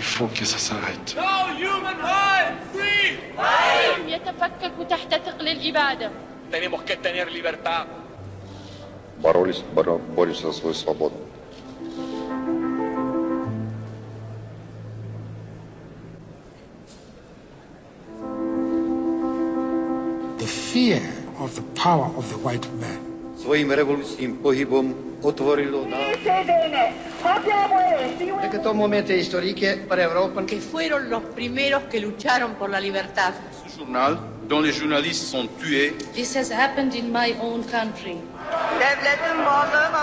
فوق ساعد يتفكك تحت ثقل الإبادة Tenemos que tener libertad. Боролись, боро, The fear of the power of the white man svojim revolučným pohybom otvorilo nám... De que todo momento histórico para Europa. Que fueron los primeros que lucharon por la libertad. Ce journal, dont les journalistes sont tués. This has happened in my own country. Devletin varlığı ve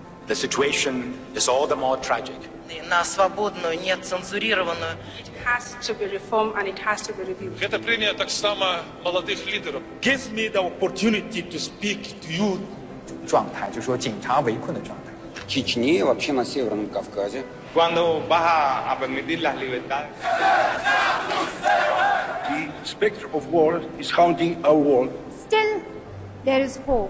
The situation is all the more tragic. На свободную, не цензурированную. It has to be reformed and it has to be reviewed. Это премия так само молодых лидеров. Give me the opportunity to speak to you. 状态就是说警察围困的状态。в вообще на Северном Кавказе. Cuando a permitir las libertades. The specter of war is haunting our world. Still, there is hope.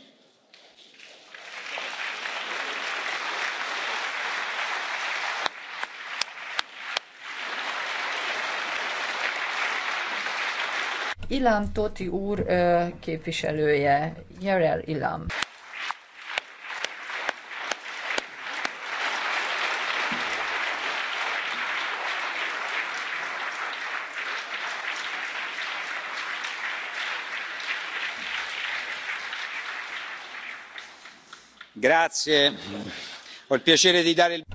Ilam Toti úr képviselője, Jarel Ilam. Grazie.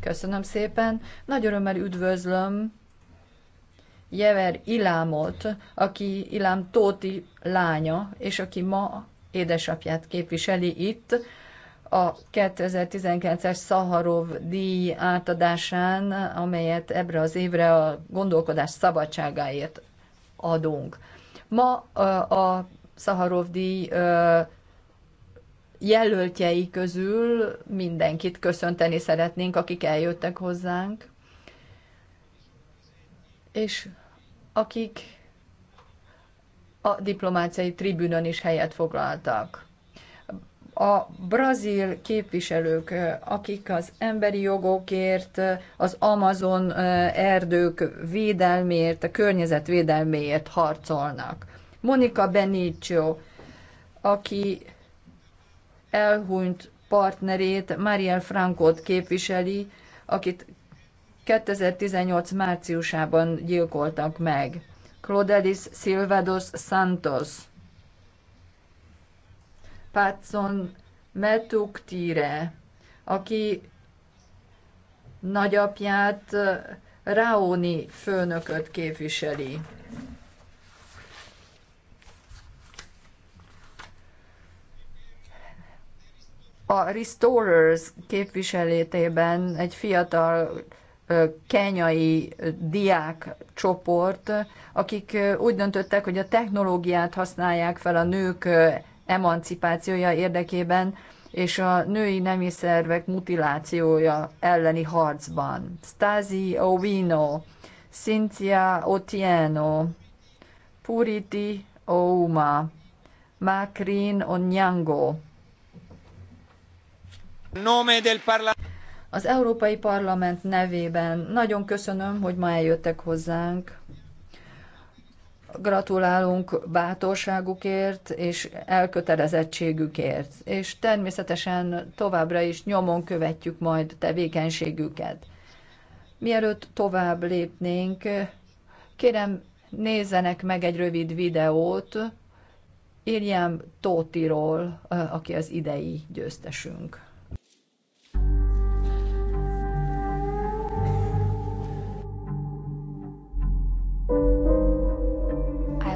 Köszönöm szépen. Nagy örömmel üdvözlöm Jever Ilámot, aki Ilám Tóti lánya, és aki ma édesapját képviseli itt, a 2019-es Szaharov díj átadásán, amelyet ebbre az évre a gondolkodás szabadságáért adunk. Ma a Szaharov díj jelöltjei közül mindenkit köszönteni szeretnénk, akik eljöttek hozzánk és akik a diplomáciai tribünön is helyet foglaltak. A brazil képviselők, akik az emberi jogokért, az Amazon erdők védelméért, a környezet védelméért harcolnak. Monika Benicio, aki elhunyt partnerét, Mariel Frankot képviseli, akit 2018 márciusában gyilkoltak meg. Clodelis Silvados Santos, Patson Metuktire, aki nagyapját eh, Raoni főnököt képviseli. A Restorers képviselétében egy fiatal kenyai diák csoport, akik úgy döntöttek, hogy a technológiát használják fel a nők emancipációja érdekében, és a női nemi szervek mutilációja elleni harcban. Stasi Ovino, Cynthia Otieno, Puriti Ouma, Makrin Onyango. Nome del az Európai Parlament nevében nagyon köszönöm, hogy ma eljöttek hozzánk. Gratulálunk bátorságukért és elkötelezettségükért, és természetesen továbbra is nyomon követjük majd tevékenységüket. Mielőtt tovább lépnénk, kérem nézzenek meg egy rövid videót Iriam Tótiról, aki az idei győztesünk.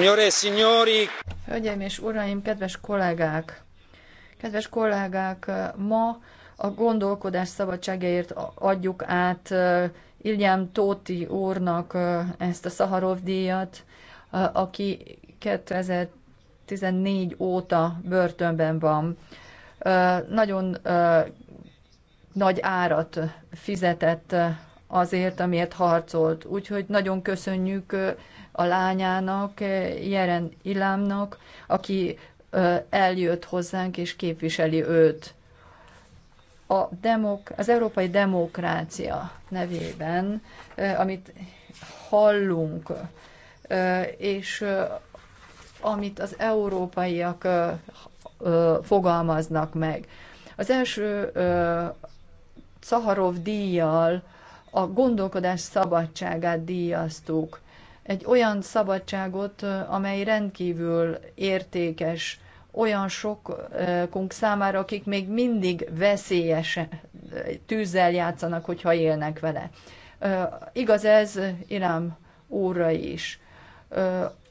Signore e signori! Hölgyeim és uraim, kedves kollégák! Kedves kollégák, ma a gondolkodás szabadságáért adjuk át Ilyám Tóti úrnak ezt a Szaharov díjat, aki 2014 óta börtönben van. Nagyon nagy árat fizetett azért, amiért harcolt. Úgyhogy nagyon köszönjük a lányának, Jeren Ilámnak, aki eljött hozzánk és képviseli őt. A demok, az európai demokrácia nevében, amit hallunk, és amit az európaiak fogalmaznak meg. Az első Szaharov díjjal a gondolkodás szabadságát díjaztuk egy olyan szabadságot, amely rendkívül értékes olyan sokunk számára, akik még mindig veszélyes tűzzel játszanak, hogyha élnek vele. Igaz ez Irám úrra is.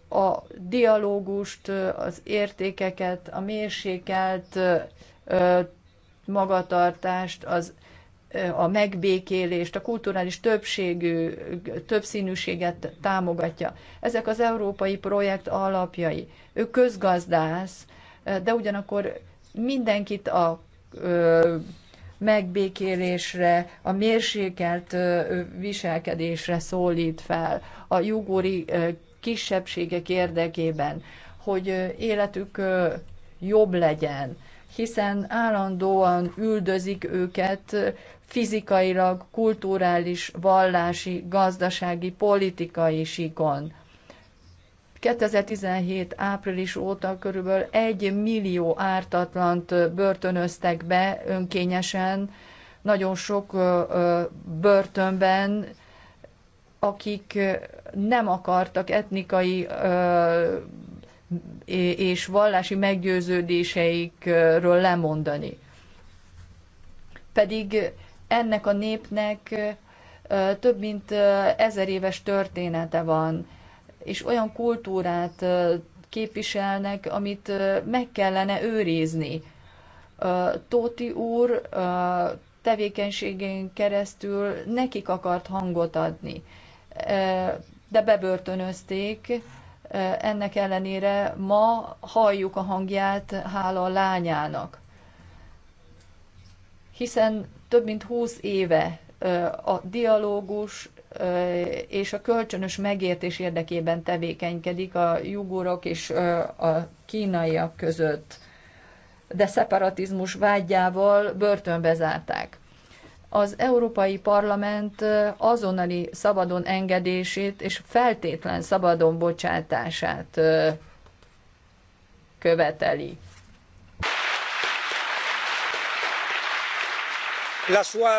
A dialógust, az értékeket, a mérsékelt magatartást, az a megbékélést, a kulturális többségű, többszínűséget támogatja. Ezek az európai projekt alapjai. Ő közgazdász, de ugyanakkor mindenkit a megbékélésre, a mérsékelt viselkedésre szólít fel a jugori kisebbségek érdekében, hogy életük jobb legyen hiszen állandóan üldözik őket fizikailag, kulturális, vallási, gazdasági, politikai síkon. 2017 április óta körülbelül egy millió ártatlant börtönöztek be önkényesen, nagyon sok börtönben, akik nem akartak etnikai és vallási meggyőződéseikről lemondani. Pedig ennek a népnek több mint ezer éves története van, és olyan kultúrát képviselnek, amit meg kellene őrizni. Tóti úr tevékenységén keresztül nekik akart hangot adni, de bebörtönözték, ennek ellenére ma halljuk a hangját hála a lányának. Hiszen több mint húsz éve a dialógus és a kölcsönös megértés érdekében tevékenykedik a jugurok és a kínaiak között, de szeparatizmus vágyával börtönbe zárták az Európai Parlament azonnali szabadon engedését és feltétlen szabadon bocsátását követeli. La sua,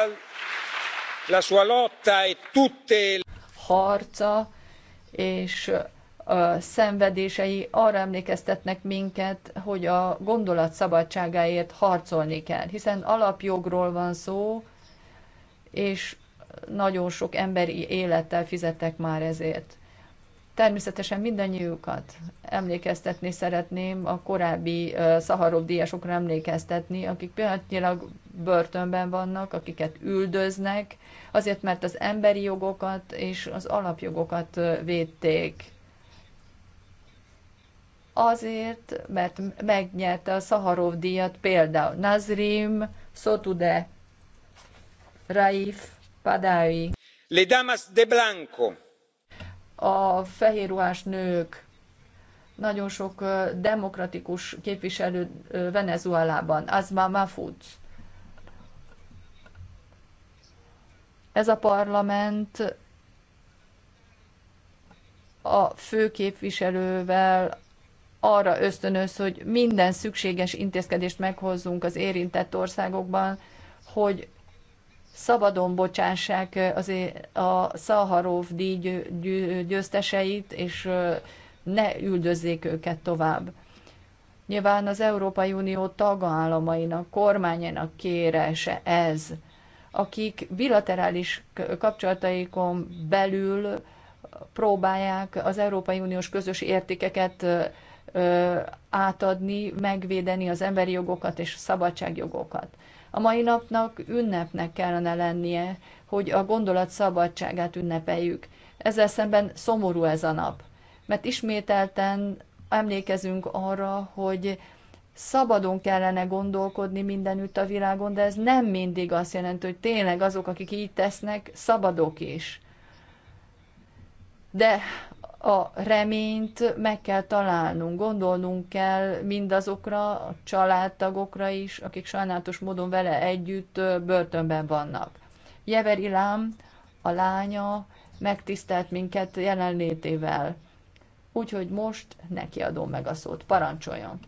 la sua lotta e tutte... Harca és a szenvedései arra emlékeztetnek minket, hogy a gondolat szabadságáért harcolni kell, hiszen alapjogról van szó, és nagyon sok emberi élettel fizettek már ezért. Természetesen mindannyiukat emlékeztetni szeretném, a korábbi uh, Szaharov díjasokra emlékeztetni, akik pillanatnyilag börtönben vannak, akiket üldöznek, azért mert az emberi jogokat és az alapjogokat uh, védték. Azért, mert megnyerte a Szaharov díjat például Nazrim, Sotude Raif Padawi. damas de blanco. A fehérruhás nők, nagyon sok demokratikus képviselő Venezuelában, Azma Mafud. Ez a parlament a főképviselővel arra ösztönöz, hogy minden szükséges intézkedést meghozzunk az érintett országokban, hogy szabadon bocsássák az a Szaharov díj győzteseit, és ne üldözzék őket tovább. Nyilván az Európai Unió tagállamainak, kormányának kérese ez, akik bilaterális kapcsolataikon belül próbálják az Európai Uniós közös értékeket átadni, megvédeni az emberi jogokat és szabadságjogokat. A mai napnak ünnepnek kellene lennie, hogy a gondolat szabadságát ünnepeljük. Ezzel szemben szomorú ez a nap, mert ismételten emlékezünk arra, hogy szabadon kellene gondolkodni mindenütt a világon, de ez nem mindig azt jelenti, hogy tényleg azok, akik így tesznek, szabadok is. De a reményt meg kell találnunk, gondolnunk kell mindazokra, a családtagokra is, akik sajnálatos módon vele együtt börtönben vannak. Jever Ilám, a lánya, megtisztelt minket jelenlétével. Úgyhogy most neki adom meg a szót. Parancsoljon!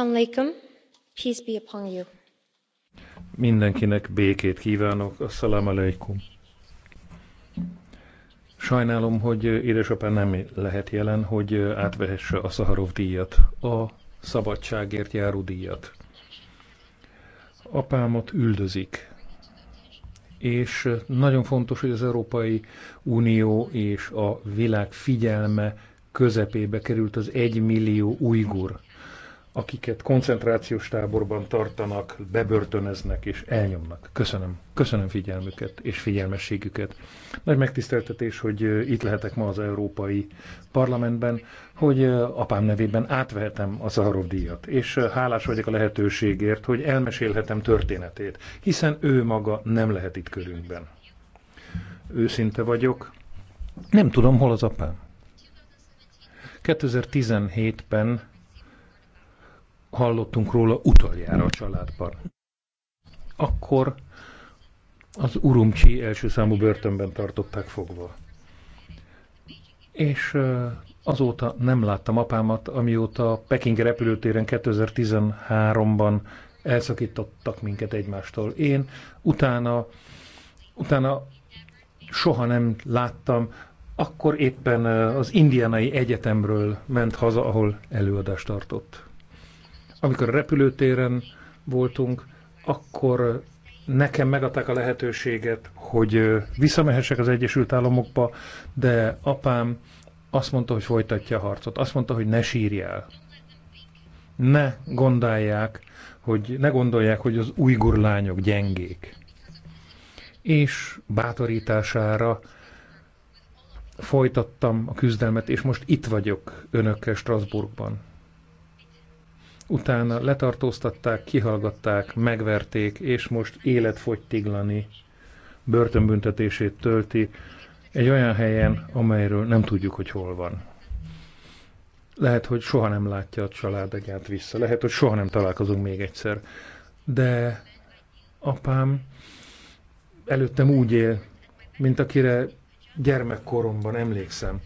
Assalamualaikum. Peace be upon you. Mindenkinek békét kívánok. Assalamualaikum. Sajnálom, hogy édesapám nem lehet jelen, hogy átvehesse a Szaharov díjat, a szabadságért járó díjat. Apámat üldözik, és nagyon fontos, hogy az Európai Unió és a világ figyelme közepébe került az egymillió ujgur akiket koncentrációs táborban tartanak, bebörtönöznek és elnyomnak. Köszönöm. Köszönöm figyelmüket és figyelmességüket. Nagy megtiszteltetés, hogy itt lehetek ma az Európai Parlamentben, hogy apám nevében átvehetem a Zaharov díjat, és hálás vagyok a lehetőségért, hogy elmesélhetem történetét, hiszen ő maga nem lehet itt körünkben. Őszinte vagyok, nem tudom, hol az apám. 2017-ben hallottunk róla utoljára a családban. Akkor az Urumcsi első számú börtönben tartották fogva. És azóta nem láttam apámat, amióta Peking repülőtéren 2013-ban elszakítottak minket egymástól. Én utána, utána soha nem láttam, akkor éppen az indianai egyetemről ment haza, ahol előadást tartott. Amikor a repülőtéren voltunk, akkor nekem megadták a lehetőséget, hogy visszamehessek az Egyesült Államokba, de apám azt mondta, hogy folytatja a harcot. Azt mondta, hogy ne sírjál. Ne gondolják, hogy ne gondolják, hogy az ujgur lányok gyengék. És bátorítására folytattam a küzdelmet, és most itt vagyok önökkel Strasbourgban utána letartóztatták, kihallgatták, megverték, és most életfogytiglani börtönbüntetését tölti egy olyan helyen, amelyről nem tudjuk, hogy hol van. Lehet, hogy soha nem látja a családegát vissza, lehet, hogy soha nem találkozunk még egyszer. De apám előttem úgy él, mint akire gyermekkoromban emlékszem.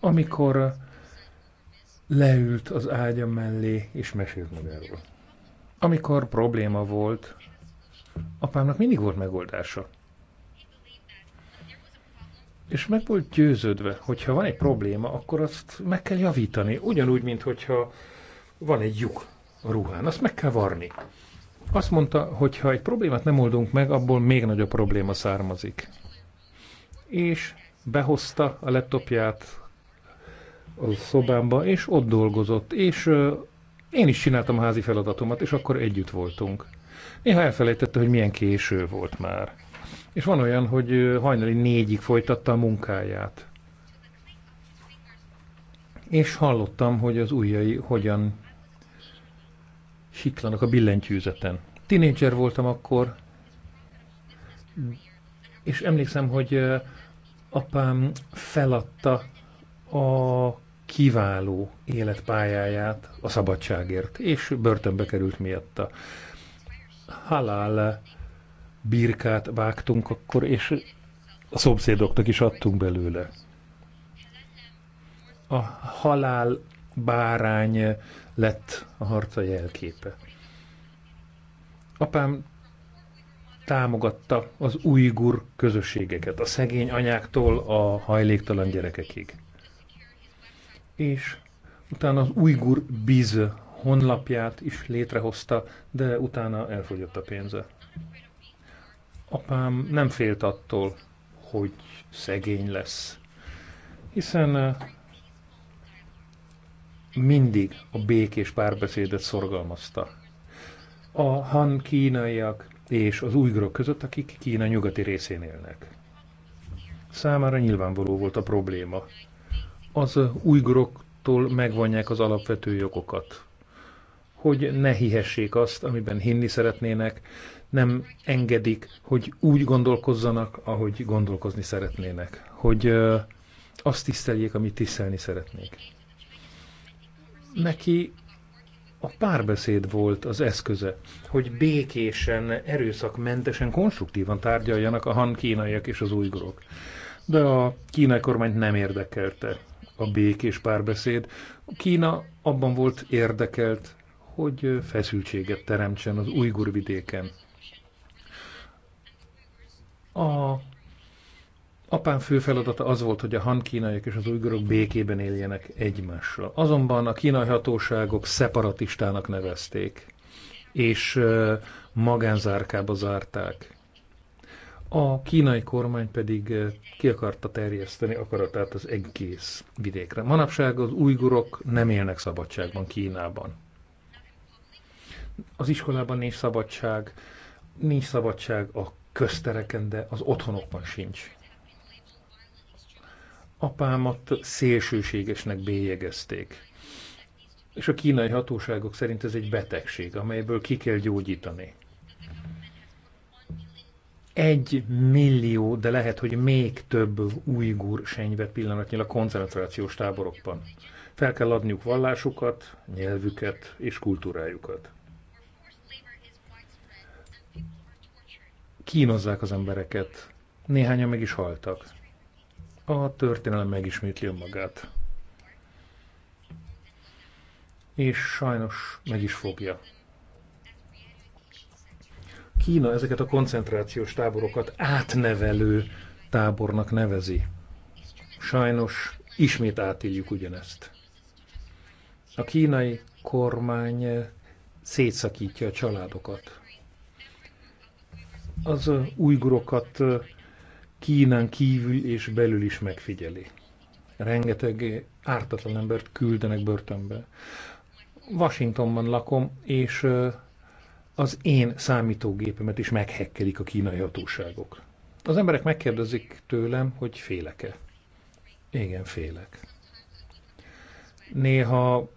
Amikor leült az ágya mellé, és mesélt magáról. Amikor probléma volt, apámnak mindig volt megoldása. És meg volt győződve, hogyha van egy probléma, akkor azt meg kell javítani. Ugyanúgy, mint hogyha van egy lyuk a ruhán, azt meg kell varni. Azt mondta, hogy ha egy problémát nem oldunk meg, abból még nagyobb probléma származik. És behozta a laptopját a szobámba, és ott dolgozott, és én is csináltam házi feladatomat, és akkor együtt voltunk. Néha elfelejtette, hogy milyen késő volt már. És van olyan, hogy hajnali négyig folytatta a munkáját. És hallottam, hogy az ujjai hogyan siklanak a billentyűzeten. Tinédzser voltam akkor, és emlékszem, hogy apám feladta a kiváló életpályáját a szabadságért, és börtönbe került miatta. Halál birkát vágtunk akkor, és a szomszédoknak is adtunk belőle. A halál bárány lett a harca jelképe. Apám támogatta az újgur közösségeket, a szegény anyáktól a hajléktalan gyerekekig és utána az Ujgur Biz honlapját is létrehozta, de utána elfogyott a pénze. Apám nem félt attól, hogy szegény lesz, hiszen eh, mindig a békés párbeszédet szorgalmazta. A han kínaiak és az újgrok között, akik Kína nyugati részén élnek. Számára nyilvánvaló volt a probléma, az újgoroktól megvonják az alapvető jogokat, hogy ne hihessék azt, amiben hinni szeretnének, nem engedik, hogy úgy gondolkozzanak, ahogy gondolkozni szeretnének, hogy azt tiszteljék, amit tisztelni szeretnék. Neki a párbeszéd volt az eszköze, hogy békésen, erőszakmentesen, konstruktívan tárgyaljanak a han kínaiak és az újgorok. De a kínai kormányt nem érdekelte a békés párbeszéd. Kína abban volt érdekelt, hogy feszültséget teremtsen az Ujgur vidéken. A apám fő feladata az volt, hogy a han kínaiak és az ujgurok békében éljenek egymással. Azonban a kínai hatóságok szeparatistának nevezték, és magánzárkába zárták. A kínai kormány pedig eh, ki akarta terjeszteni akaratát az egész vidékre. Manapság az ujgurok nem élnek szabadságban Kínában. Az iskolában nincs szabadság, nincs szabadság a köztereken, de az otthonokban sincs. Apámat szélsőségesnek bélyegezték. És a kínai hatóságok szerint ez egy betegség, amelyből ki kell gyógyítani egy millió, de lehet, hogy még több újgur senyvet pillanatnyilag koncentrációs táborokban. Fel kell adniuk vallásukat, nyelvüket és kultúrájukat. Kínozzák az embereket. Néhányan meg is haltak. A történelem megismétli önmagát. És sajnos meg is fogja. Kína ezeket a koncentrációs táborokat átnevelő tábornak nevezi. Sajnos ismét átéljük ugyanezt. A kínai kormány szétszakítja a családokat. Az újgurokat Kínán kívül és belül is megfigyeli. Rengeteg ártatlan embert küldenek börtönbe. Washingtonban lakom, és az én számítógépemet is meghekkelik a kínai hatóságok. Az emberek megkérdezik tőlem, hogy félek-e. Igen, félek. Néha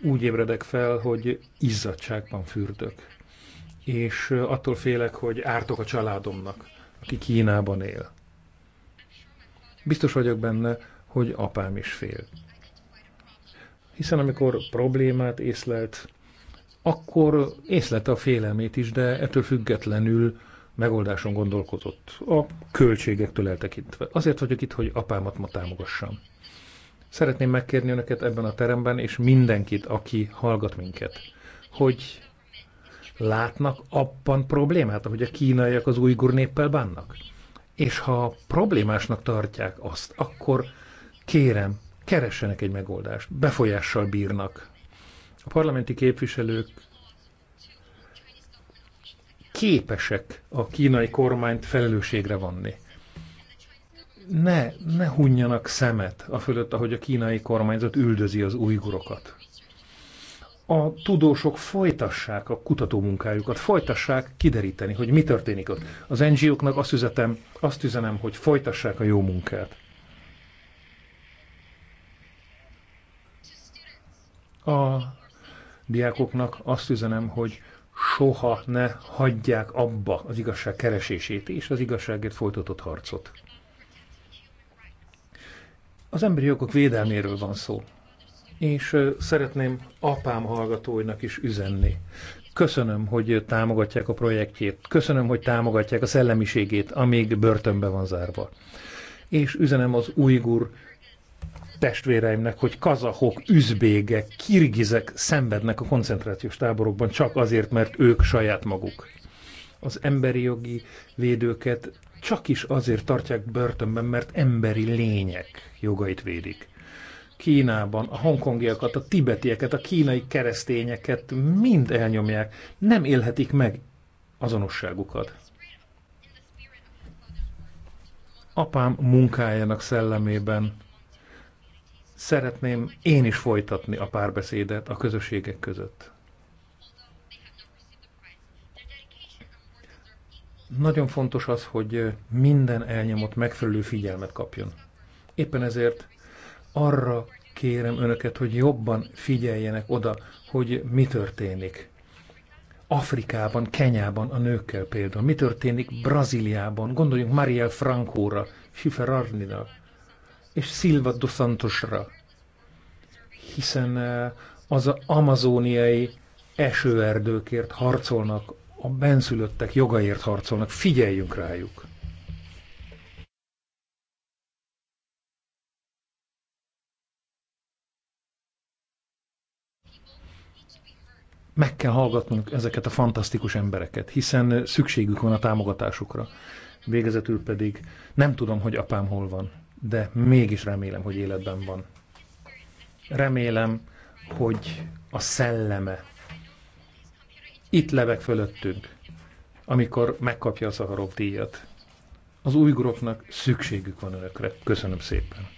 úgy ébredek fel, hogy izzadságban fürdök. És attól félek, hogy ártok a családomnak, aki Kínában él. Biztos vagyok benne, hogy apám is fél. Hiszen amikor problémát észlelt, akkor észlete a félelmét is, de ettől függetlenül megoldáson gondolkodott, a költségektől eltekintve. Azért vagyok itt, hogy apámat ma támogassam. Szeretném megkérni önöket ebben a teremben, és mindenkit, aki hallgat minket, hogy látnak abban problémát, ahogy a kínaiak az újgur néppel bánnak. És ha problémásnak tartják azt, akkor kérem, keressenek egy megoldást, befolyással bírnak a parlamenti képviselők képesek a kínai kormányt felelősségre vonni. Ne, ne hunjanak szemet a fölött, ahogy a kínai kormányzat üldözi az újgurokat. A tudósok folytassák a kutatómunkájukat, folytassák kideríteni, hogy mi történik ott. Az NGO-knak azt, üzetem, azt üzenem, hogy folytassák a jó munkát. A diákoknak azt üzenem, hogy soha ne hagyják abba az igazság keresését és az igazságért folytatott harcot. Az emberi jogok védelméről van szó, és szeretném apám hallgatóinak is üzenni. Köszönöm, hogy támogatják a projektjét, köszönöm, hogy támogatják a szellemiségét, amíg börtönbe van zárva. És üzenem az újgur testvéreimnek, hogy kazahok, üzbégek, kirgizek szenvednek a koncentrációs táborokban csak azért, mert ők saját maguk. Az emberi jogi védőket csak is azért tartják börtönben, mert emberi lények jogait védik. Kínában a hongkongiakat, a tibetieket, a kínai keresztényeket mind elnyomják, nem élhetik meg azonosságukat. Apám munkájának szellemében szeretném én is folytatni a párbeszédet a közösségek között. Nagyon fontos az, hogy minden elnyomott megfelelő figyelmet kapjon. Éppen ezért arra kérem önöket, hogy jobban figyeljenek oda, hogy mi történik. Afrikában, Kenyában a nőkkel például. Mi történik Brazíliában? Gondoljunk Mariel Francóra, Schiffer Arnina, és Silva dos Santosra, hiszen eh, az amazóniai esőerdőkért harcolnak, a benszülöttek jogaért harcolnak, figyeljünk rájuk! meg kell hallgatnunk ezeket a fantasztikus embereket, hiszen eh, szükségük van a támogatásukra. Végezetül pedig nem tudom, hogy apám hol van de mégis remélem, hogy életben van. Remélem, hogy a szelleme itt lebeg fölöttünk, amikor megkapja a Szaharov díjat. Az újguroknak szükségük van önökre. Köszönöm szépen.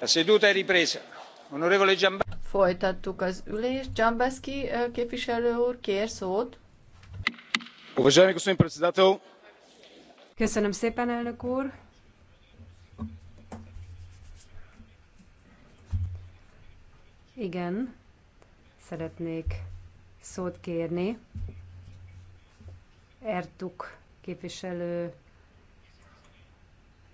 La Folytattuk az ülést. Giambaschi képviselő úr kér szót. Уважаеми господин председател. Köszönöm szépen, elnök úr. Igen, szeretnék szót kérni. Ertuk képviselő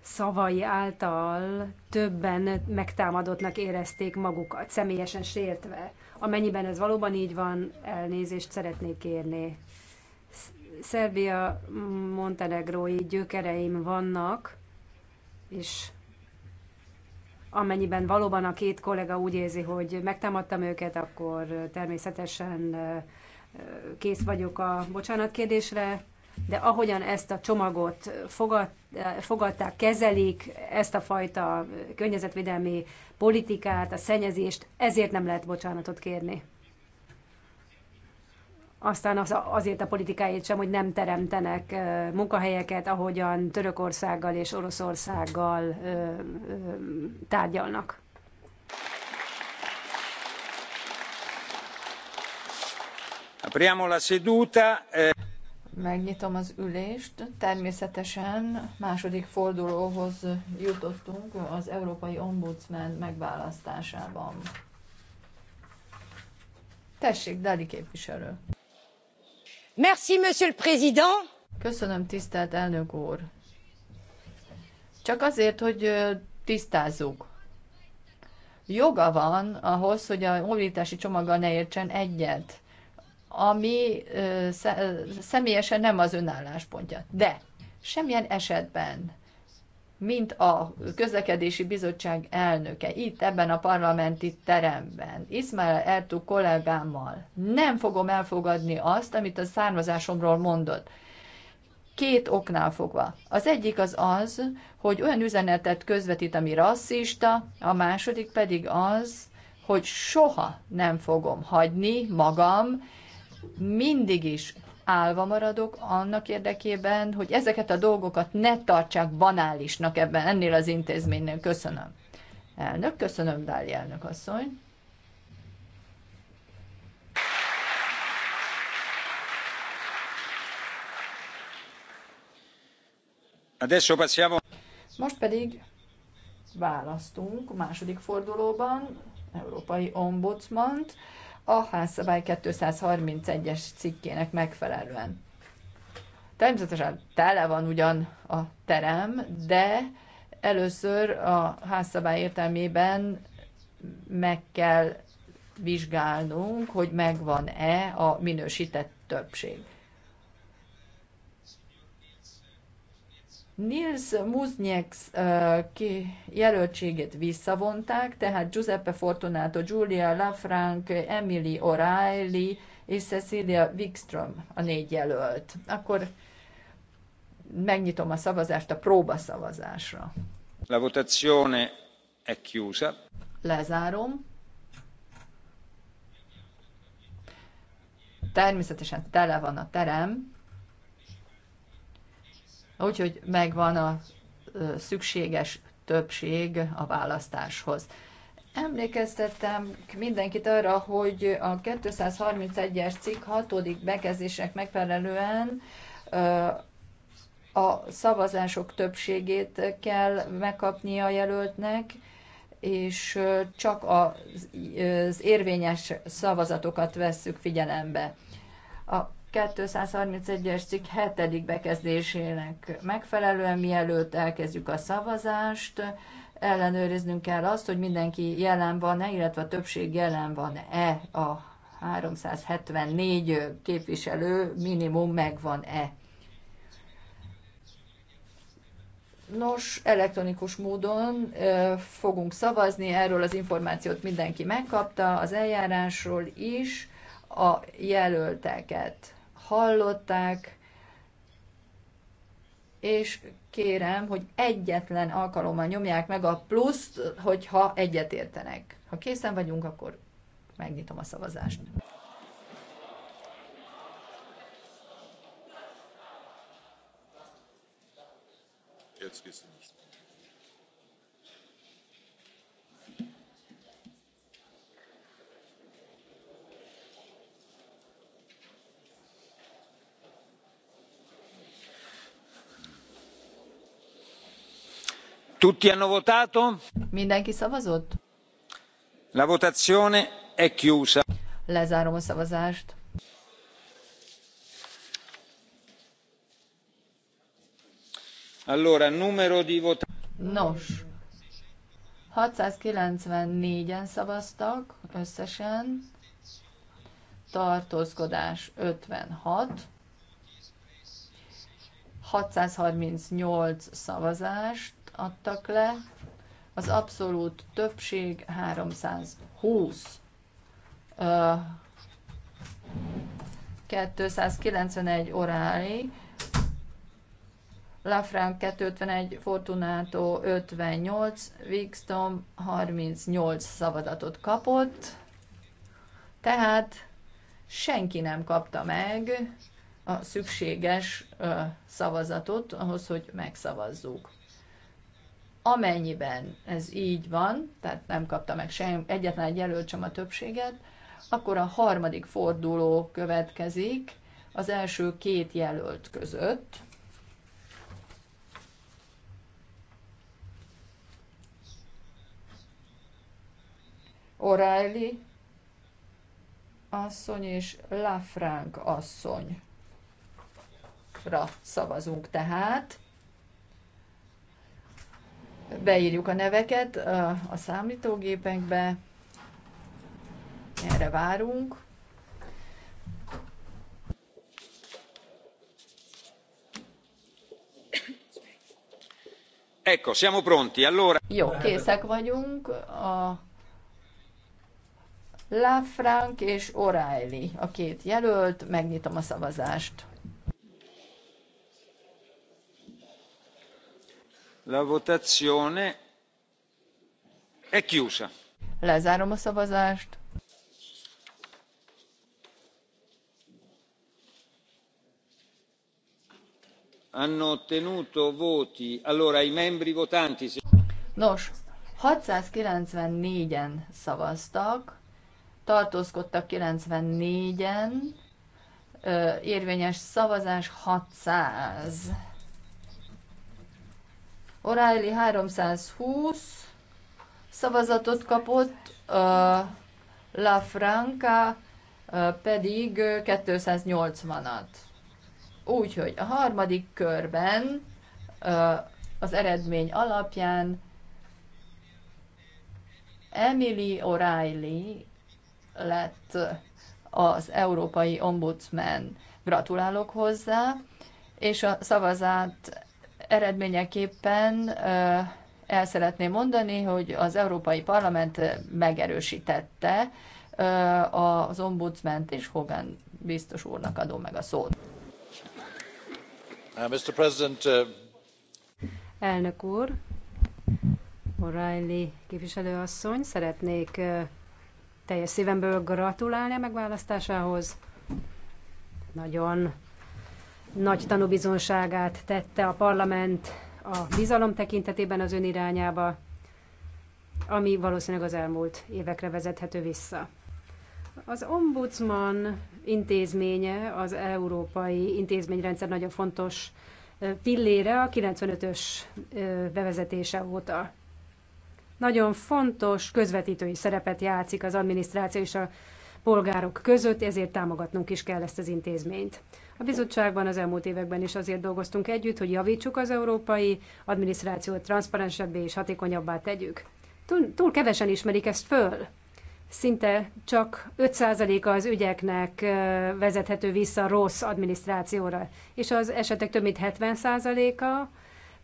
szavai által többen megtámadottnak érezték magukat, személyesen sértve. Amennyiben ez valóban így van, elnézést szeretnék kérni. Szerbia Montenegrói gyökereim vannak, és amennyiben valóban a két kollega úgy érzi, hogy megtámadtam őket, akkor természetesen kész vagyok a bocsánatkérdésre, de ahogyan ezt a csomagot fogad, fogadták, kezelik, ezt a fajta környezetvédelmi politikát, a szennyezést, ezért nem lehet bocsánatot kérni. Aztán az, azért a politikáért sem, hogy nem teremtenek munkahelyeket, ahogyan Törökországgal és Oroszországgal tárgyalnak. Apriamo la seduta. Eh, Megnyitom az ülést. Természetesen második fordulóhoz jutottunk az Európai Ombudsman megválasztásában. Tessék, Dali képviselő. Merci, monsieur le président. Köszönöm, tisztelt elnök úr. Csak azért, hogy tisztázzuk. Joga van ahhoz, hogy a mobilitási csomaggal ne értsen egyet ami személyesen nem az önálláspontja. De semmilyen esetben, mint a közlekedési bizottság elnöke itt ebben a parlamenti teremben, Ismael Ertu kollégámmal nem fogom elfogadni azt, amit a származásomról mondott két oknál fogva. Az egyik az az, hogy olyan üzenetet közvetít, ami rasszista, a második pedig az, hogy soha nem fogom hagyni magam mindig is állva maradok annak érdekében, hogy ezeket a dolgokat ne tartsák banálisnak ebben, ennél az intézménynél. Köszönöm. Elnök, köszönöm, Dáli elnök asszony. Most pedig választunk a második fordulóban európai ombudsmant a házszabály 231-es cikkének megfelelően. Természetesen tele van ugyan a terem, de először a házszabály értelmében meg kell vizsgálnunk, hogy megvan-e a minősített többség. Nils ki jelöltségét visszavonták, tehát Giuseppe Fortunato, Giulia Lafranc, Emily O'Reilly és Cecilia Wikström a négy jelölt. Akkor megnyitom a szavazást a próbaszavazásra. La votazione è chiusa. Lezárom. Természetesen tele van a terem. Úgyhogy megvan a szükséges többség a választáshoz. Emlékeztettem mindenkit arra, hogy a 231-es cikk hatodik bekezdésnek megfelelően a szavazások többségét kell megkapnia a jelöltnek, és csak az érvényes szavazatokat vesszük figyelembe. A 231-es cikk 7. bekezdésének megfelelően, mielőtt elkezdjük a szavazást, ellenőriznünk kell azt, hogy mindenki jelen van-e, illetve a többség jelen van-e, a 374 képviselő minimum megvan-e. Nos, elektronikus módon ö, fogunk szavazni, erről az információt mindenki megkapta, az eljárásról is, a jelölteket hallották, és kérem, hogy egyetlen alkalommal nyomják meg a pluszt, hogyha egyetértenek. Ha készen vagyunk, akkor megnyitom a szavazást. Jetzt Tutti hanno votato? Mindenki szavazott? La votazione è chiusa. Lezárom a szavazást. Allora, numero di votanti. Nos, 694-en szavaztak összesen, tartózkodás 56, 638 szavazást, adtak le, az abszolút többség 320. 291 oráli, Lafranc 251, Fortunato 58, Wigstom 38 szavadatot kapott, tehát senki nem kapta meg a szükséges szavazatot ahhoz, hogy megszavazzuk amennyiben ez így van, tehát nem kapta meg sem, egyetlen egy jelölt sem a többséget, akkor a harmadik forduló következik az első két jelölt között. O'Reilly asszony és Lafranc asszonyra szavazunk tehát beírjuk a neveket a számítógépekbe, erre várunk. Ecco, siamo pronti. Allora... Jó, készek vagyunk. A Lafranc és O'Reilly a két jelölt, megnyitom a szavazást. La votazione è chiusa. Lezárom a szavazást. Hanno ottenuto voti. Allora, i membri votanti. Nos, 694-en szavaztak, tartózkodtak 94-en, érvényes szavazás 600. O'Reilly 320 szavazatot kapott, La Franca pedig 280-at. Úgyhogy a harmadik körben az eredmény alapján Emily O'Reilly lett az Európai Ombudsman. Gratulálok hozzá, és a szavazát Eredményeképpen el szeretném mondani, hogy az Európai Parlament megerősítette az ombudsment, és Hogan biztos úrnak adom meg a szót. Uh, Mr. President, uh, Elnök úr, O'Reilly képviselőasszony, szeretnék teljes szívemből gratulálni a megválasztásához. Nagyon nagy tanúbizonságát tette a parlament a bizalom tekintetében az ön irányába, ami valószínűleg az elmúlt évekre vezethető vissza. Az ombudsman intézménye, az európai intézményrendszer nagyon fontos pillére a 95-ös bevezetése óta. Nagyon fontos közvetítői szerepet játszik az adminisztráció és a polgárok között, ezért támogatnunk is kell ezt az intézményt. A bizottságban az elmúlt években is azért dolgoztunk együtt, hogy javítsuk az európai adminisztrációt, transzparensebbé és hatékonyabbá tegyük. Túl, túl kevesen ismerik ezt föl. Szinte csak 5%-a az ügyeknek vezethető vissza rossz adminisztrációra, és az esetek több mint 70%-a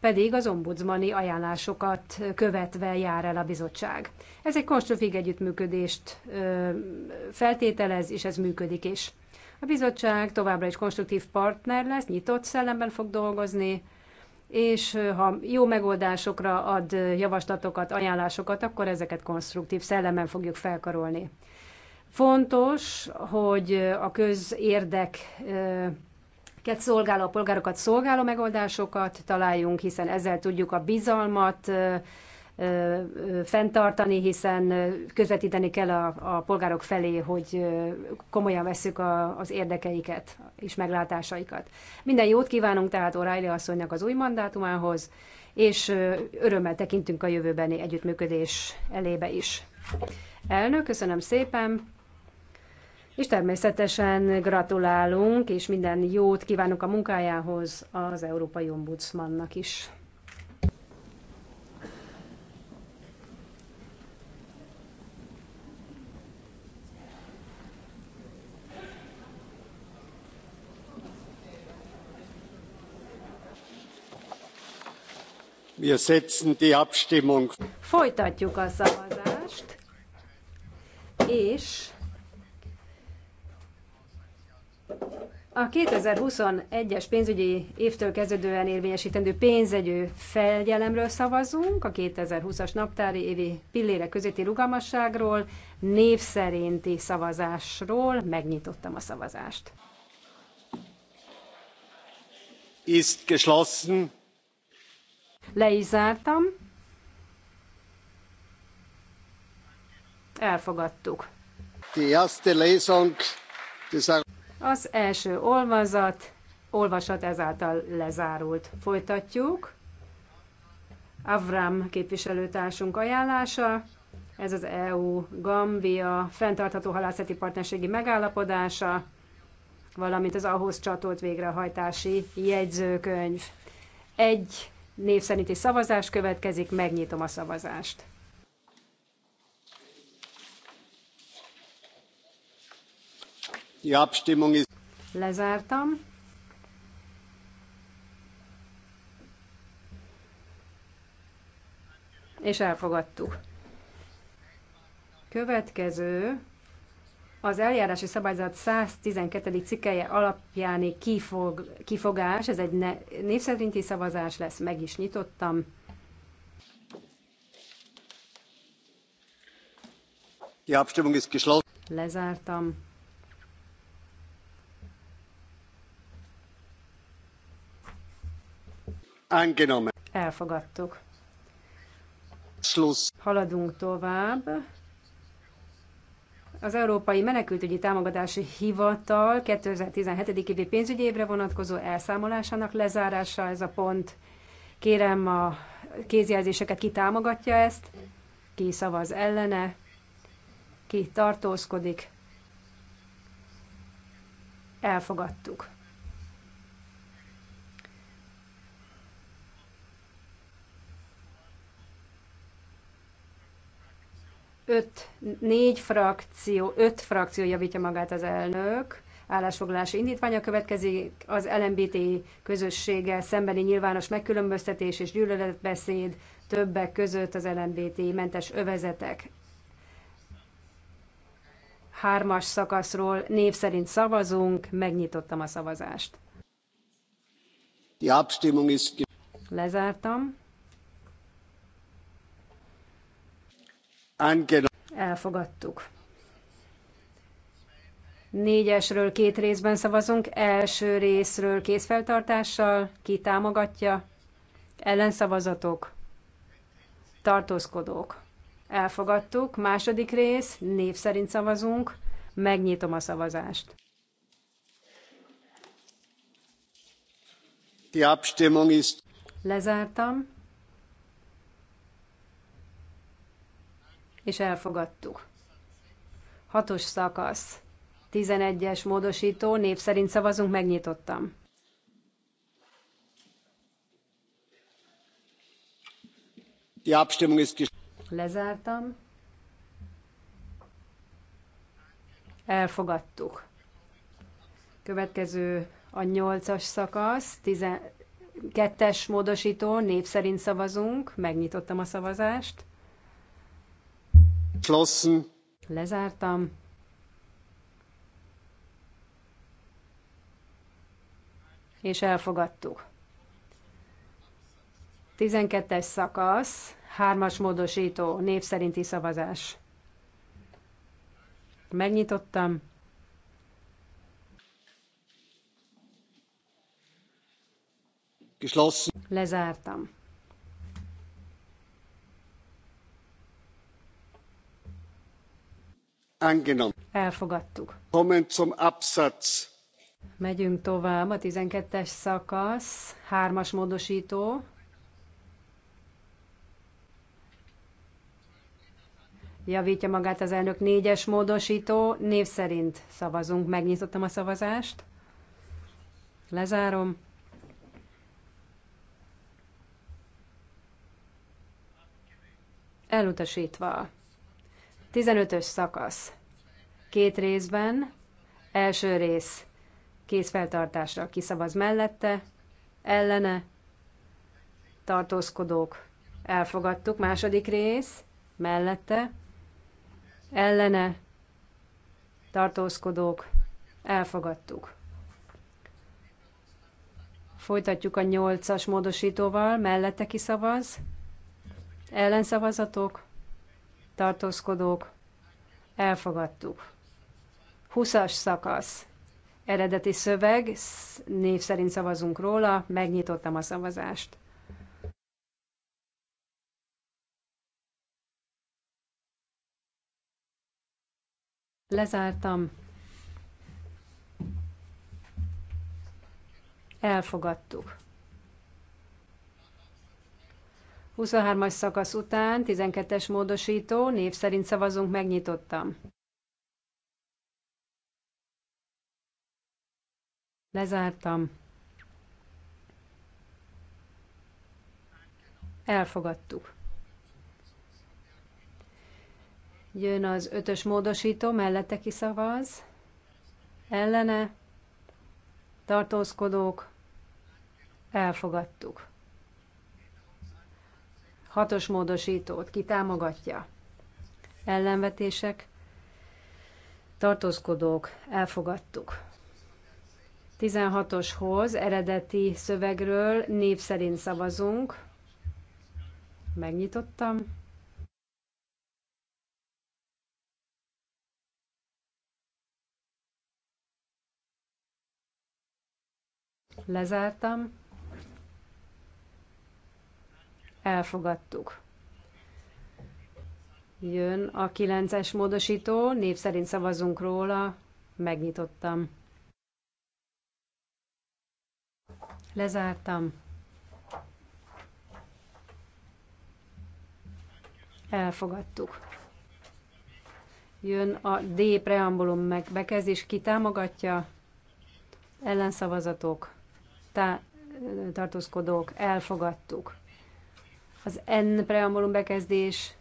pedig az ombudsmani ajánlásokat követve jár el a bizottság. Ez egy konstruktív együttműködést feltételez, és ez működik is. A bizottság továbbra is konstruktív partner lesz, nyitott szellemben fog dolgozni, és ha jó megoldásokra ad javaslatokat, ajánlásokat, akkor ezeket konstruktív szellemben fogjuk felkarolni. Fontos, hogy a közérdek ket szolgáló, a polgárokat szolgáló megoldásokat találjunk, hiszen ezzel tudjuk a bizalmat fenntartani, hiszen közvetíteni kell a, a polgárok felé, hogy komolyan veszük a, az érdekeiket és meglátásaikat. Minden jót kívánunk tehát O'Reilly asszonynak az új mandátumához, és örömmel tekintünk a jövőbeni együttműködés elébe is. Elnök, köszönöm szépen! és természetesen gratulálunk, és minden jót kívánunk a munkájához az Európai Ombudsmannak is. Wir setzen die Abstimmung. Folytatjuk a szavazást, és A 2021-es pénzügyi évtől kezdődően érvényesítendő pénzegyő felgyelemről szavazunk, a 2020-as naptári évi pillére közötti rugalmasságról, név szerinti szavazásról megnyitottam a szavazást. Ist geschlossen. Le is zártam. Elfogadtuk. Die erste Lesung des az első olvasat ezáltal lezárult. Folytatjuk. Avram képviselőtársunk ajánlása. Ez az EU-Gambia fenntartható halászati partnerségi megállapodása, valamint az ahhoz csatolt végrehajtási jegyzőkönyv. Egy név szerinti szavazás következik, megnyitom a szavazást. Die Abstimmung ist... Lezártam. És elfogadtuk. Következő az eljárási szabályzat 112. cikkeje alapjáni kifog, kifogás, ez egy ne, név szerinti szavazás lesz, meg is nyitottam. Die Abstimmung ist geschlossen. Lezártam. Angenommen. Elfogadtuk. Schluss. Haladunk tovább. Az Európai Menekültügyi Támogatási Hivatal 2017. évi pénzügyi évre vonatkozó elszámolásának lezárása ez a pont. Kérem a kézjelzéseket, ki támogatja ezt, ki szavaz ellene, ki tartózkodik. Elfogadtuk. öt, négy frakció, öt frakció javítja magát az elnök, állásfoglalási indítványa következik, az LMBT közössége szembeni nyilvános megkülönböztetés és gyűlöletbeszéd, többek között az LMBT mentes övezetek. Hármas szakaszról név szerint szavazunk, megnyitottam a szavazást. Die Abstimmung ist... Lezártam. Elfogadtuk. Négyesről két részben szavazunk. Első részről készfeltartással. Ki támogatja? Ellenszavazatok. Tartózkodók. Elfogadtuk. Második rész. Név szerint szavazunk. Megnyitom a szavazást. Die Abstimmung ist... Lezártam. és elfogadtuk. Hatos szakasz. 11-es módosító, név szerint szavazunk, megnyitottam. Die Abstimmung ist Lezártam. Elfogadtuk. Következő a 8-as szakasz, 12-es módosító, név szerint szavazunk, megnyitottam a szavazást. Schlossen. Lezártam. És elfogadtuk. 12-es szakasz, hármas módosító, név szerinti szavazás. Megnyitottam. Geschlossen. Lezártam. Elfogadtuk. Megyünk tovább, a 12-es szakasz, hármas módosító. Javítja magát az elnök négyes módosító, név szerint szavazunk. Megnyitottam a szavazást. Lezárom. Elutasítva. 15-ös szakasz. Két részben. Első rész készfeltartásra kiszavaz mellette, ellene, tartózkodók, elfogadtuk. Második rész, mellette, ellene, tartózkodók, elfogadtuk. Folytatjuk a nyolcas módosítóval, mellette kiszavaz, ellenszavazatok, tartózkodók, elfogadtuk. 20-as szakasz, eredeti szöveg, név szerint szavazunk róla, megnyitottam a szavazást. Lezártam. Elfogadtuk. 23-as szakasz után 12-es módosító, név szerint szavazunk, megnyitottam. Lezártam. Elfogadtuk. Jön az ötös módosító, mellette kiszavaz. Ellene. Tartózkodók. Elfogadtuk. Hatos módosítót ki támogatja? Ellenvetések? Tartózkodók, elfogadtuk. 16-oshoz eredeti szövegről név szerint szavazunk. Megnyitottam. Lezártam elfogadtuk. Jön a kilences módosító, név szerint szavazunk róla, megnyitottam. Lezártam. Elfogadtuk. Jön a D preambulum megbekezdés, ki támogatja, ellenszavazatok, tá- tartózkodók, elfogadtuk. Az N preambulum bekezdés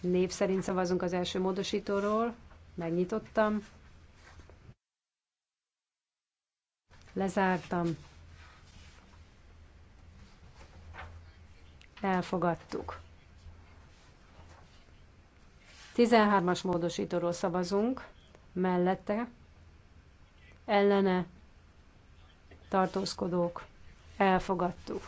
név szerint szavazunk az első módosítóról. Megnyitottam. Lezártam. Elfogadtuk. 13-as módosítóról szavazunk, mellette, ellene, tartózkodók, elfogadtuk.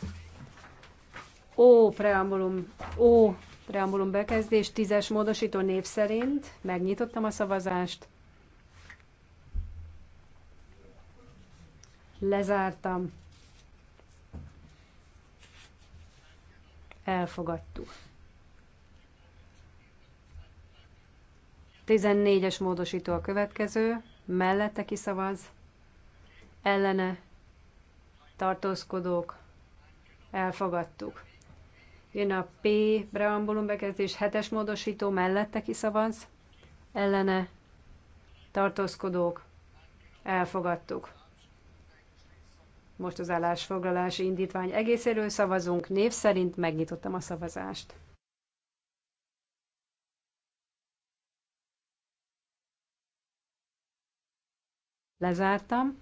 Ó preambulum, ó preambulum bekezdés, tízes módosító név szerint megnyitottam a szavazást. Lezártam. Elfogadtuk. 14-es módosító a következő, mellette kiszavaz, ellene tartózkodók, elfogadtuk. Jön a P preambulum bekezdés, hetes módosító, mellette kiszavaz, ellene tartózkodók, elfogadtuk. Most az állásfoglalási indítvány egészéről szavazunk, név szerint megnyitottam a szavazást. Lezártam.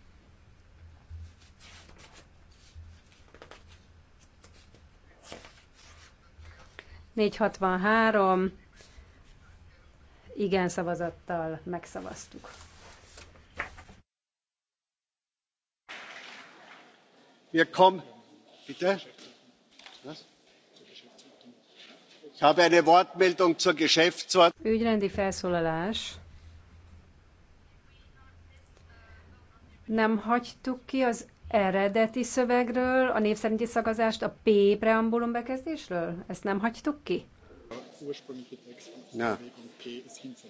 463 igen szavazattal megszavaztuk. Wir kommen. Bitte? Was? Ich habe eine Wortmeldung zur Geschäftsordnung. Ügyrendi felszólalás. Nem hagytuk ki az eredeti szövegről, a név szerinti szagazást, a P preambulum bekezdésről? Ezt nem hagytuk ki? Na.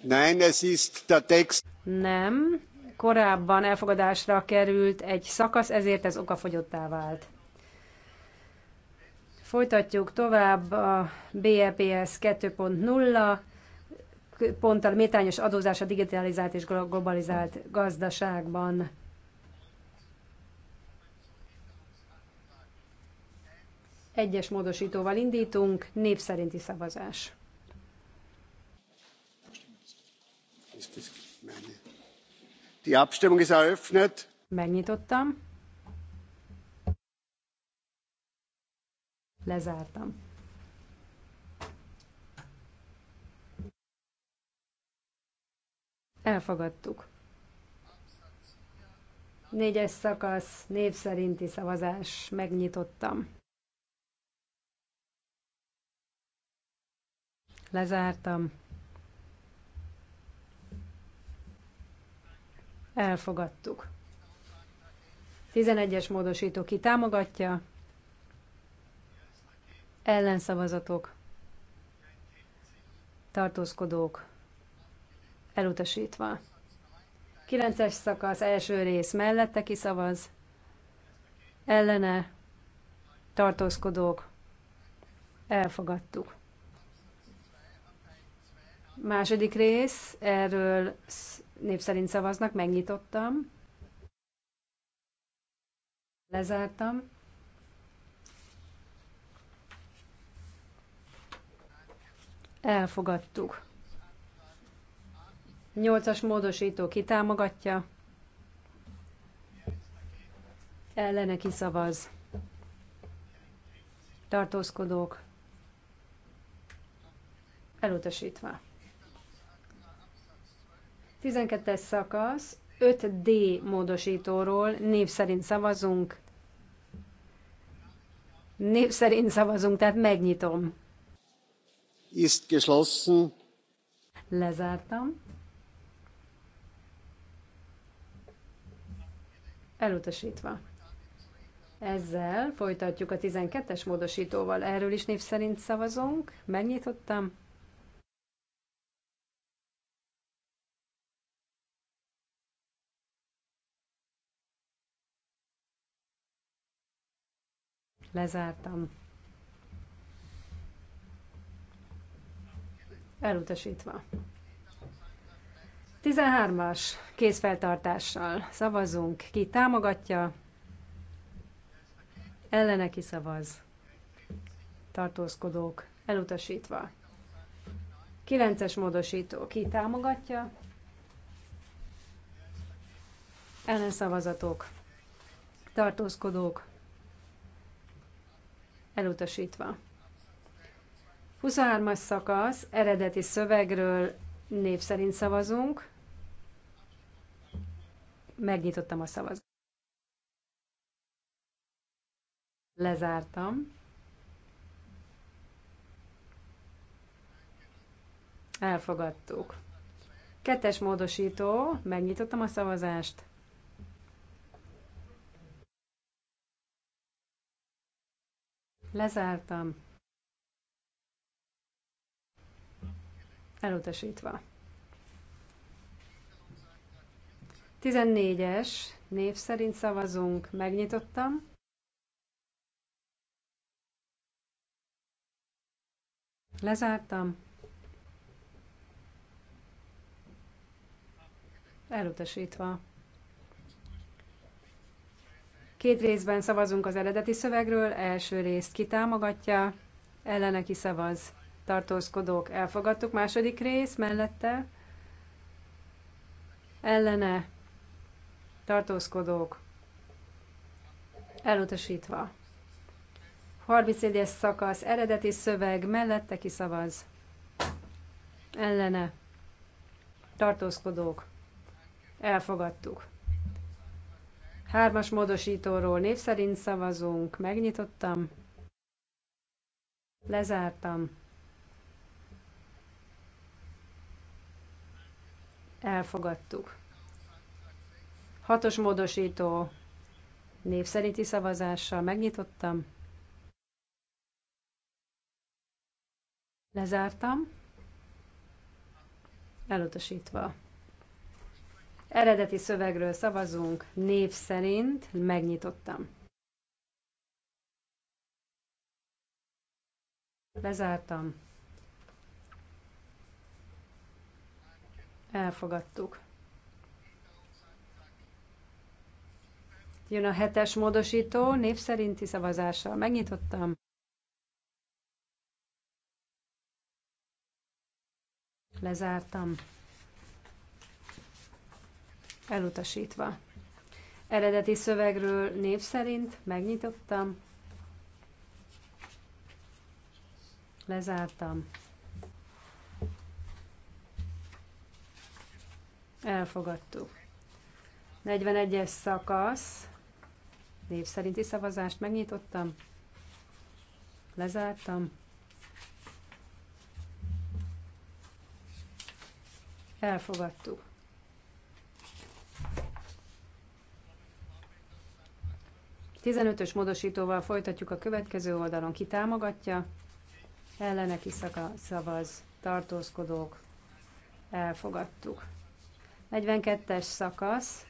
Nein, es ist der Text. Nem, korábban elfogadásra került egy szakasz, ezért ez okafogyottá vált. Folytatjuk tovább a BEPS 2.0 ponttal méltányos adózás a digitalizált és globalizált gazdaságban. Egyes módosítóval indítunk, név szerinti szavazás. Die Abstimmung ist eröffnet. Megnyitottam. Lezártam. Elfogadtuk. Négyes szakasz, név szerinti szavazás, megnyitottam. Lezártam. Elfogadtuk. 11-es módosító ki támogatja. Ellenszavazatok. Tartózkodók. Elutasítva. 9-es szakasz első rész mellette kiszavaz. Ellene. Tartózkodók. Elfogadtuk. Második rész, erről név szerint szavaznak, megnyitottam. Lezártam. Elfogadtuk. Nyolcas módosító kitámogatja. Ellene kiszavaz. Tartózkodók. Elutasítva. 12-es szakasz, 5D módosítóról név szerint szavazunk. Név szerint szavazunk, tehát megnyitom. Ist geschlossen. Lezártam. Elutasítva. Ezzel folytatjuk a 12-es módosítóval. Erről is név szerint szavazunk. Megnyitottam. lezártam. Elutasítva. 13-as kézfeltartással szavazunk. Ki támogatja, ellene ki szavaz. Tartózkodók elutasítva. 9-es módosító. Ki támogatja, ellenszavazatok, tartózkodók elutasítva. 23-as szakasz, eredeti szövegről név szerint szavazunk. Megnyitottam a szavazást. Lezártam. Elfogadtuk. Kettes módosító, megnyitottam a szavazást. Lezártam. Elutasítva. 14-es név szerint szavazunk, megnyitottam. Lezártam. Elutasítva. Két részben szavazunk az eredeti szövegről, első részt kitámogatja, ellene szavaz, tartózkodók elfogadtuk, második rész mellette, ellene, tartózkodók elutasítva. 31-es szakasz, eredeti szöveg, mellette kiszavaz, ellene, tartózkodók elfogadtuk. Hármas módosítóról név szerint szavazunk. Megnyitottam. Lezártam. Elfogadtuk. Hatos módosító név szerinti szavazással megnyitottam. Lezártam. Elutasítva. Eredeti szövegről szavazunk név szerint, megnyitottam. Lezártam. Elfogadtuk. Jön a hetes módosító, név szerinti szavazással. Megnyitottam. Lezártam. Elutasítva. Eredeti szövegről név szerint megnyitottam. Lezártam. Elfogadtuk. 41-es szakasz. Név szerinti szavazást megnyitottam. Lezártam. Elfogadtuk. 15-ös módosítóval folytatjuk a következő oldalon. Ki támogatja? Ellene kiszaka szavaz. Tartózkodók. Elfogadtuk. 42-es szakasz.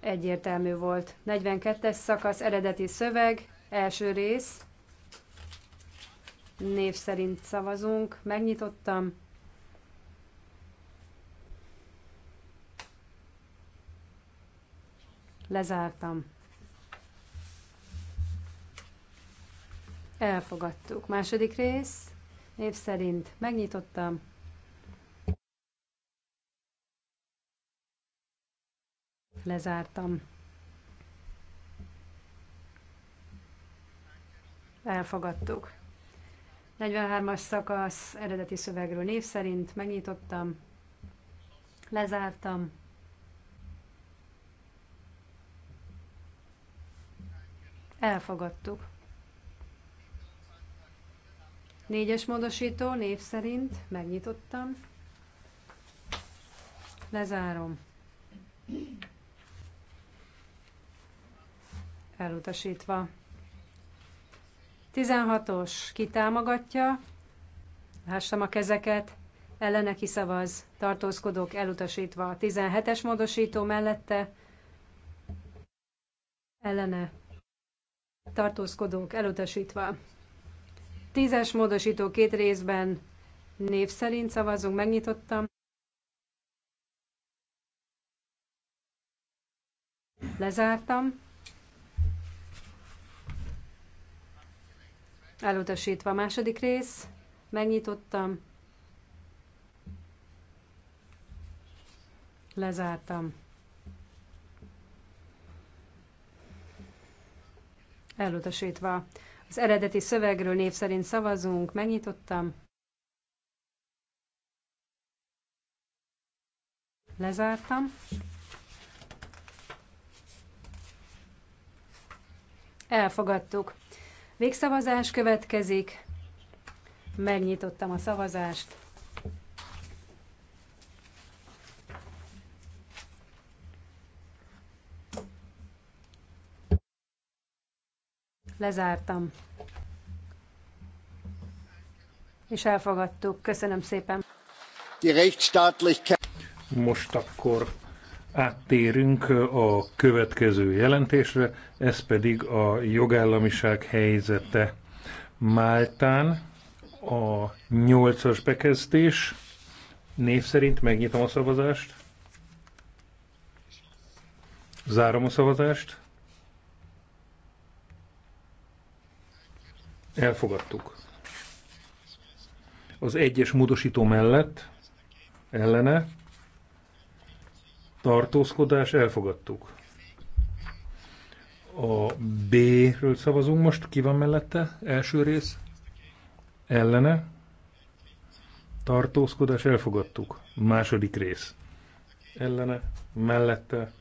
Egyértelmű volt. 42-es szakasz, eredeti szöveg, első rész. Név szerint szavazunk. Megnyitottam. Lezártam. Elfogadtuk. Második rész, név szerint megnyitottam. Lezártam. Elfogadtuk. 43-as szakasz eredeti szövegről név szerint megnyitottam, lezártam. Elfogadtuk. Négyes módosító, név szerint megnyitottam. Lezárom. Elutasítva. 16-os kitámogatja, lássam a kezeket, ellene kiszavaz, tartózkodók elutasítva. 17-es módosító mellette, ellene, tartózkodók elutasítva. Tízes módosító két részben név szerint szavazunk, megnyitottam. Lezártam. Elutasítva a második rész, megnyitottam. Lezártam. Elutasítva. Az eredeti szövegről név szerint szavazunk, megnyitottam. Lezártam. Elfogadtuk. Végszavazás következik. Megnyitottam a szavazást. lezártam. És elfogadtuk. Köszönöm szépen. Most akkor áttérünk a következő jelentésre, ez pedig a jogállamiság helyzete Máltán, a nyolcas bekezdés. Név szerint megnyitom a szavazást. Zárom a szavazást. Elfogadtuk. Az egyes módosító mellett ellene tartózkodás elfogadtuk. A B-ről szavazunk most, ki van mellette? Első rész ellene tartózkodás elfogadtuk. Második rész ellene mellette